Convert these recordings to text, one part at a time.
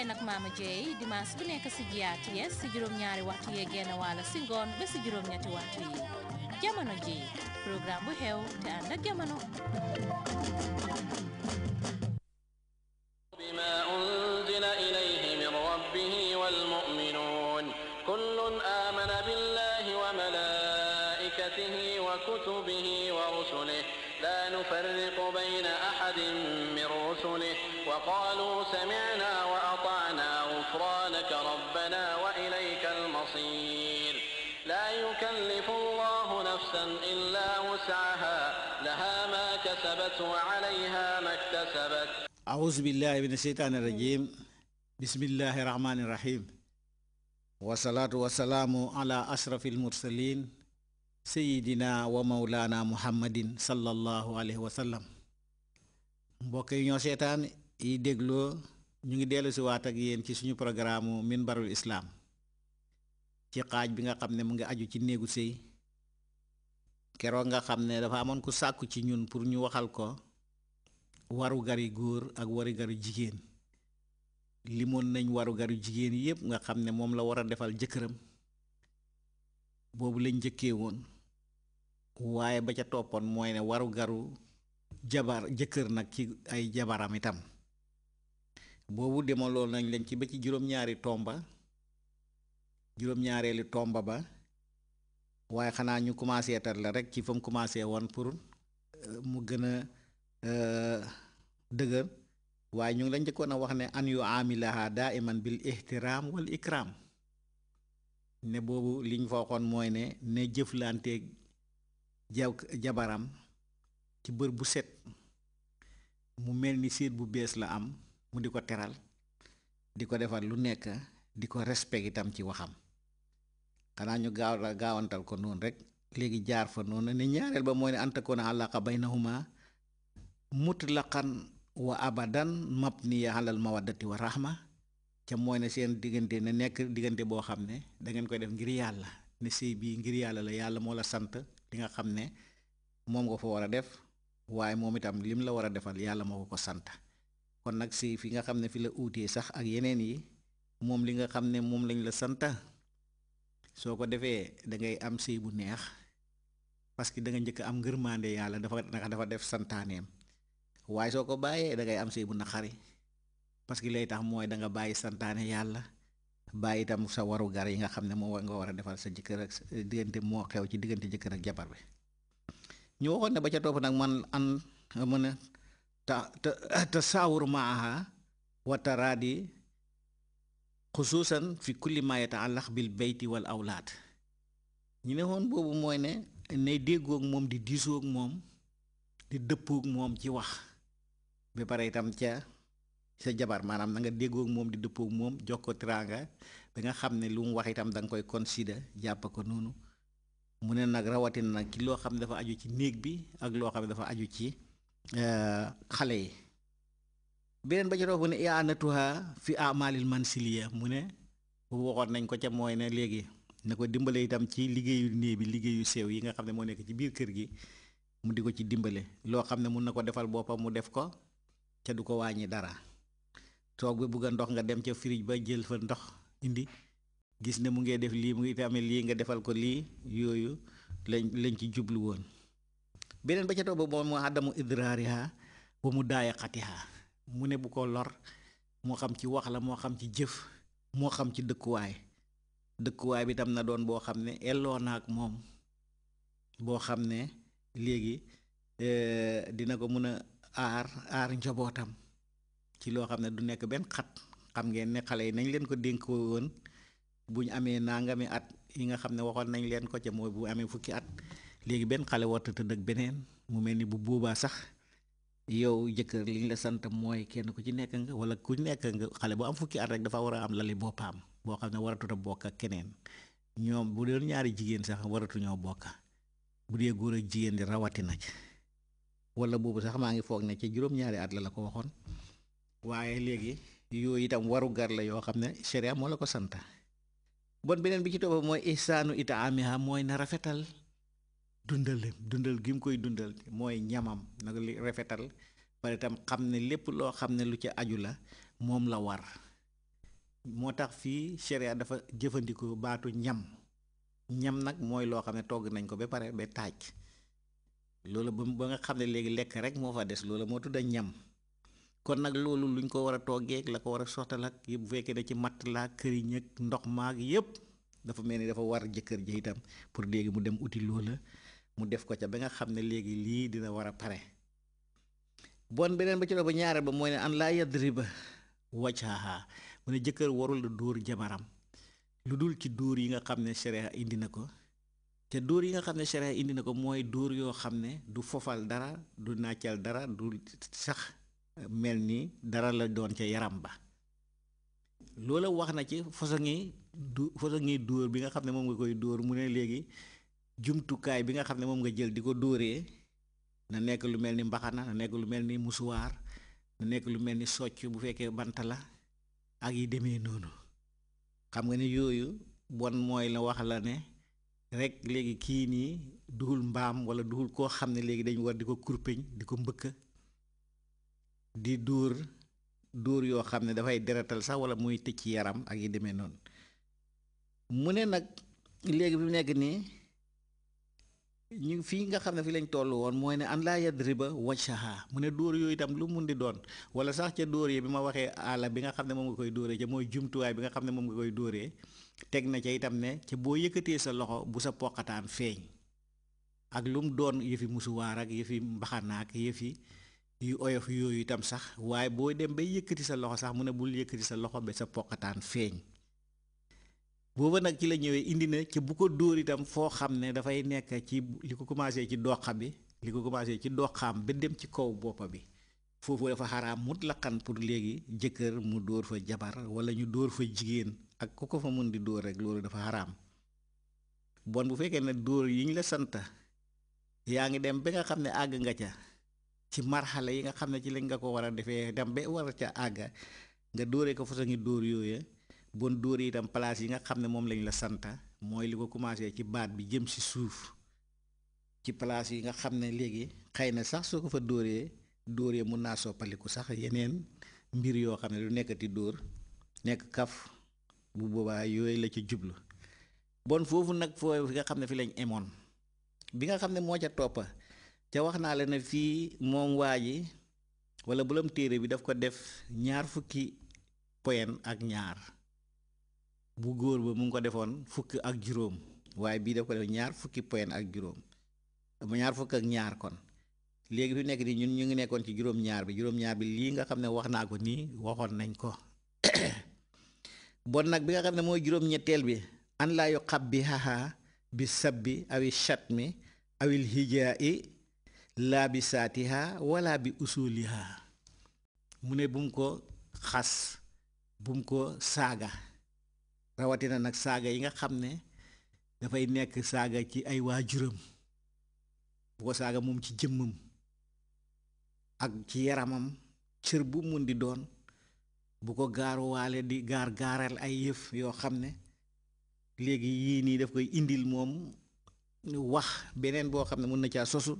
ànd ak Mama Dieye dimanche bu nekk si GRTS si juróom-ñaari waxtu yee genn wàll si ngoon ba si juróom-ñetti waxtu yi jamono ji programme bu xew te ànd ak jamono. وكتبه ورسله لا نفرق بين أحد من رسله وقالوا سمعنا نفس وعليها ما اكتسبت أعوذ بالله من الشيطان الرجيم بسم الله الرحمن الرحيم والصلاة والسلام على أشرف المرسلين سيدنا ومولانا محمد صلى الله عليه وسلم mbokk yi ñoo seetaan yi dégloo ñu ngi dellu si waat ak yéen ci suñu programme minbarul islaam ci xaaj bi nga xam ne mu ngi aju ci néegu sëy keroog nga xam ne dafa amoon ku sàkku ci ñun pour ñu waxal ko waru gari góor ak waru garu jigéen limoon nañ waru garu jigéen yépp nga xam ne moom la war a defal jëkkëram boobu lañ jëkkee woon waaye ba ca toppoon mooy ne waru garu jabar jëkkër nag ki ay jabaram itam boobu demaloo nañ leen ci ba ci juróom-ñaari tomba juróom-ñaareelu tomba ba waaye xanaa ñu commencé tar la rek ci fa mu commencé woon pour euh, mu gën a euh, dëgër waaye ñu ngi lañ jëkkoon a wax ne an yu aamilaha daa iman bil ihtiram wal ikram ne boobu liñ fa waxoon mooy ne ne jëflanteeg ja jabaram ci bër bu set mu mel ni séet bu bees la am mu di ko teral di ko defal lu nekk di ko respect itam ci waxam xanaa ñu gaaw gaawantal ko noonu rek léegi jaar fa noonu ne ñaareel ba mooy ne antakoona alaqa baynahuma mutlaqan wa abadan mabniya alal mawaddati wa rahma ca mooy ne seen diggante ne nekk diggante boo xam ne da ngeen koy def ngir yàlla ne sëy bii ngir yàlla la yàlla moo la sant li nga xam ne moom nga fa war a def waaye moom itam lim la war a defal yàlla moo ko ko sant kon nag sëy fi nga xam ne fi la uutee sax ak yeneen yi moom li nga xam ne moom lañ la santa soo ko defee da ngay am sëy bu neex parce que da nga njëkk am ngërmande yàlla dafa naka dafa def santaaneem waaye soo ko bàyyee da ngay am sëy bu naqari parce que lay tax mooy da nga bàyyi santaane yàlla bàyyi itam sa waru gar yi nga xam ne moo nga war a defal sa jëkkër ak diggante moo xew ci diggante jëkkër ak jabar bi ñu waxoon ne ba ca topp nag man an mën a ta ta saawur maaha wa taraadi xusuusan fi kulli ma yataallax bil beyti wal awlaad ñu ne woon boobu mooy ne nay déggoog moom di diisoog moom di dëppook moom ci wax ba pare itam ca sa jabar maanaam na nga déggoog moom di dëppoog moom jox ko teraanga ba nga xam ne lu mu wax itam danga koy consider jàpp ko noonu mu ne nag rawatina nag ki loo xam ne dafa aju ci néeg bi ak loo xam ne dafa aju ci euh, xale yi beneen ba ci topp ne i'anatuha fi man mansiliya mu ne boobu waxoon nañ ko ca mooy ne léegi na ko dimbale itam ci liggéeyu néeg bi liggéeyu sew yi nga xam ne moo nekk ci biir kër gi mu di ko ci dimbale loo xam ne mun na ko defal boppam mu def ko ca du ko wàññi dara toog bi bugg ndox nga dem ca firij ba jël fa ndox indi gis ne mu ngee def lii mu ngi tamit lii nga defal ko lii yooyu lañ lañ ci jublu woon beneen ba ca topp moom mu àddamu mu daaya xatiha mu ne bu ko lor moo xam ci wax la moo xam ci jëf moo xam ci dëkkuwaay dëkkuwaay bi tam na doon boo xam ne elloo na ak moom boo xam ne léegi euh, dina ko mën a aar aar njabootam ci loo xam ne du nekk benn xat xam ngeen ne xale yi nañ leen ko dénk woon bu ñu amee nangami at yi nga xam ne waxoon nañ leen ko ca mooy bu amee fukki at léegi benn xale warta tëdd ak beneen mu mel ni bu boobaa sax yow jëkkër li ñu la santa mooy kenn ku ci nekk nga wala ku nekk nga xale bu am fukki at rek dafa war a am lali boppam boo xam ne waratut a bokk ak keneen ñoom bu doon ñaari jigéen sax waratuñoo bokk bu dee góor ak jigéen di rawatina ci wala boobu sax maa ngi foog ne ci juróom-ñaari at la la ko waxoon waaye léegi yooyu itam waru gar la yoo xam ne sharia moo la ko sant bon beneen bi ci topp mooy ihsaanu itaamiha mooy na rafetal dundal dundal gi mu koy dundal mooy ñamam nag li rafetal pare itam xam ne lépp loo xam ne lu ci aju la moom la war moo tax fii sharia dafa jëfandikoo baatu ñam ñam nag mooy loo xam ne togg nañ ko ba pare ba taaj loolu ba ba nga xam ne léegi lekk rek moo fa des loolu moo tudda ñam kon nag loolu luñ ko war a toggeeg la ko war a sottal ak yëpp bu fekkee ne ci matt laa këriñ ak ndox maag yëpp dafa mel ni dafa war jëkkër ji itam pour léegi mu dem uti loola mu def ko ca ba nga xam ne léegi lii dina war a pare bon beneen ba ci ba ñaare ba mooy ne an laa yadriba wajhaha mu ne jëkkër warul la dóor jabaram lu dul ci dóor yi nga xam ne sharia indi na ko te door yi nga xam ne sharia indi na ko mooy dóor yoo xam ne du fofal dara du nàccal dara du sax mel ni dara la doon ca yaram ba loola wax na ci façon ngi du bi nga xam ne moom nga koy dóor mu ne léegi jumtukaay bi nga xam ne moom nga jël di ko dóoree na nekk lu mel ni mbaxana na nekk lu mel ni musuwaar na nekk lu mel ni socc bu fekkee bant la ak yi demee noonu xam nga ne yooyu bon mooy la wax la ne rekk léegi kii nii duhul mbaam wala duhul koo xam ne léegi dañu war di ko kurpeñ di ko mbëkk di dóor dóor yoo xam ne dafay deretal sax wala muy tëj ci yaram ak yi demee noonu mu ne nag léegi bi mu nekk nii ñu fii nga xam ne fi lañ toll woon mooy ne an laa yadriba wajhaha mu ne dóor yooyu itam lu mun di doon wala sax ca dóor yi bi ma waxee aala bi nga xam ne moom nga koy dóoree ca mooy jumtuwaay bi nga xam ne moom nga koy dóoree teg na ca itam ne ca boo yëkkatee sa loxo bu sa poqataan feeñ ak lu mu doon yëfi musuwaar ak yëfi mbaxanaak yëfi yu oyof yooyu itam sax waaye boo dem bay yëkkati sa loxo sax mu ne bul yëkkati sa loxo ba sa poqataan feeñ booba nag ci la ñëwee indi na ci bu ko dóor itam foo xam ne dafay nekk ci li ko commencé ci doxa bi li ko commencé ci doxaam ba dem ci kaw boppa bi foofu dafa xaraam mutlaqan pour léegi jëkkër mu dóor fa jabar wala ñu dóor fa jigéen ak ku ko fa mun di dóor rek loolu dafa xaraam bon bu fekkee ne dóor yi ñu la sant yaa ngi dem ba nga xam ne àgg nga ca ci marxale yi nga xam ne ci lañ nga ko war a defee dem ba war a ca àgg nga dóoree ko façon ngi dóor yooya bon dóoree itam place yi nga xam ne moom lañ la santa mooy li ko commencé ci baat bi jëm si suuf ci place yi nga xam ne léegi xëy na sax soo ko fa dóoree dóoree mun naa soppaliku sax yeneen mbir yoo xam ne du nekkati dóor nekk kaf bu boobaa yooyu la ci jublu bon foofu nag foo fi nga xam ne fi lañ emoon bi nga xam ne moo ca toppa ca wax naa la ne fii moom waa ji wala bulam téere bi daf ko def ñaar fukki poyen ak ñaar bu góor ba mu ngi ko defoon fukk ak juróom waaye bii daf ko def ñaar fukki point ak juróom ñaar fukk ak ñaar kon léegi fi nekk nii ñun ñu ngi nekkoon ci juróom-ñaar bi juróom-ñaar bi lii nga xam ne wax naa ko nii waxoon nañ ko bon nag bi nga xam ne mooy juróom-ñetteel bi an laa bi xab bi haha bi sabbi awi chatmi awil hijaa i laa bi saatiha wala bi usuliha mu ne bum ko xas bum ko saaga rawatina nag saaga yi nga xam ne dafay nekk saaga ci ay waajuram bu ko saaga moom ci jëmmam ak ci yaramam cër bu mun di doon bu ko gaaruwaale di gaar gaaral ay yëf yoo xam ne léegi yii nii daf koy indil moom wax beneen boo xam ne mun na caa sosu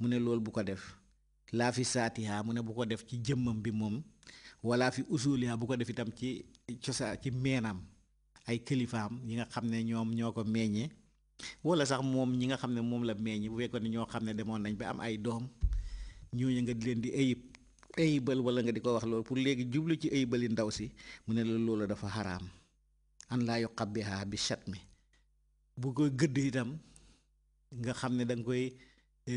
mu ne loolu bu ko def laa fi saatiha mu ne bu ko def ci jëmmam bi moom wala fi usuliha bu ko def itam ci cosa ci meenam ay kilifaam ñi nga xam ne ñoom ñoo ko meññee wala sax moom ñi nga xam ne moom la meññi bu fekkoon ne ñoo xam ne demoon nañ bi am ay doom ñooñu nga di leen di ayib ayibal wala nga di ko wax loolu pour léegi jublu ci ayibali ndaw si mu ne la loolu dafa xaraam an laa yu xabbiha bi chat mi bu koy gëdd itam nga xam ne da nga koy e,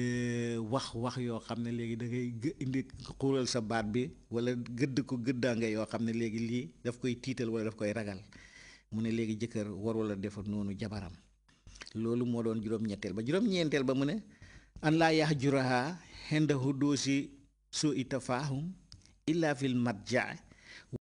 wax wax yoo xam ne léegi dangay ngay indi xuural sa baat bi wala gëdd ko gëddaa nga yoo xam ne léegi lii daf koy tiital wala daf koy ragal mu ne léegi jëkkër warula a noonu jabaram loolu moo doon juróom-ñetteel ba juróom-ñeenteel ba mu ne an laa yax juraha xenda hudoosi su itafahum illa fil madja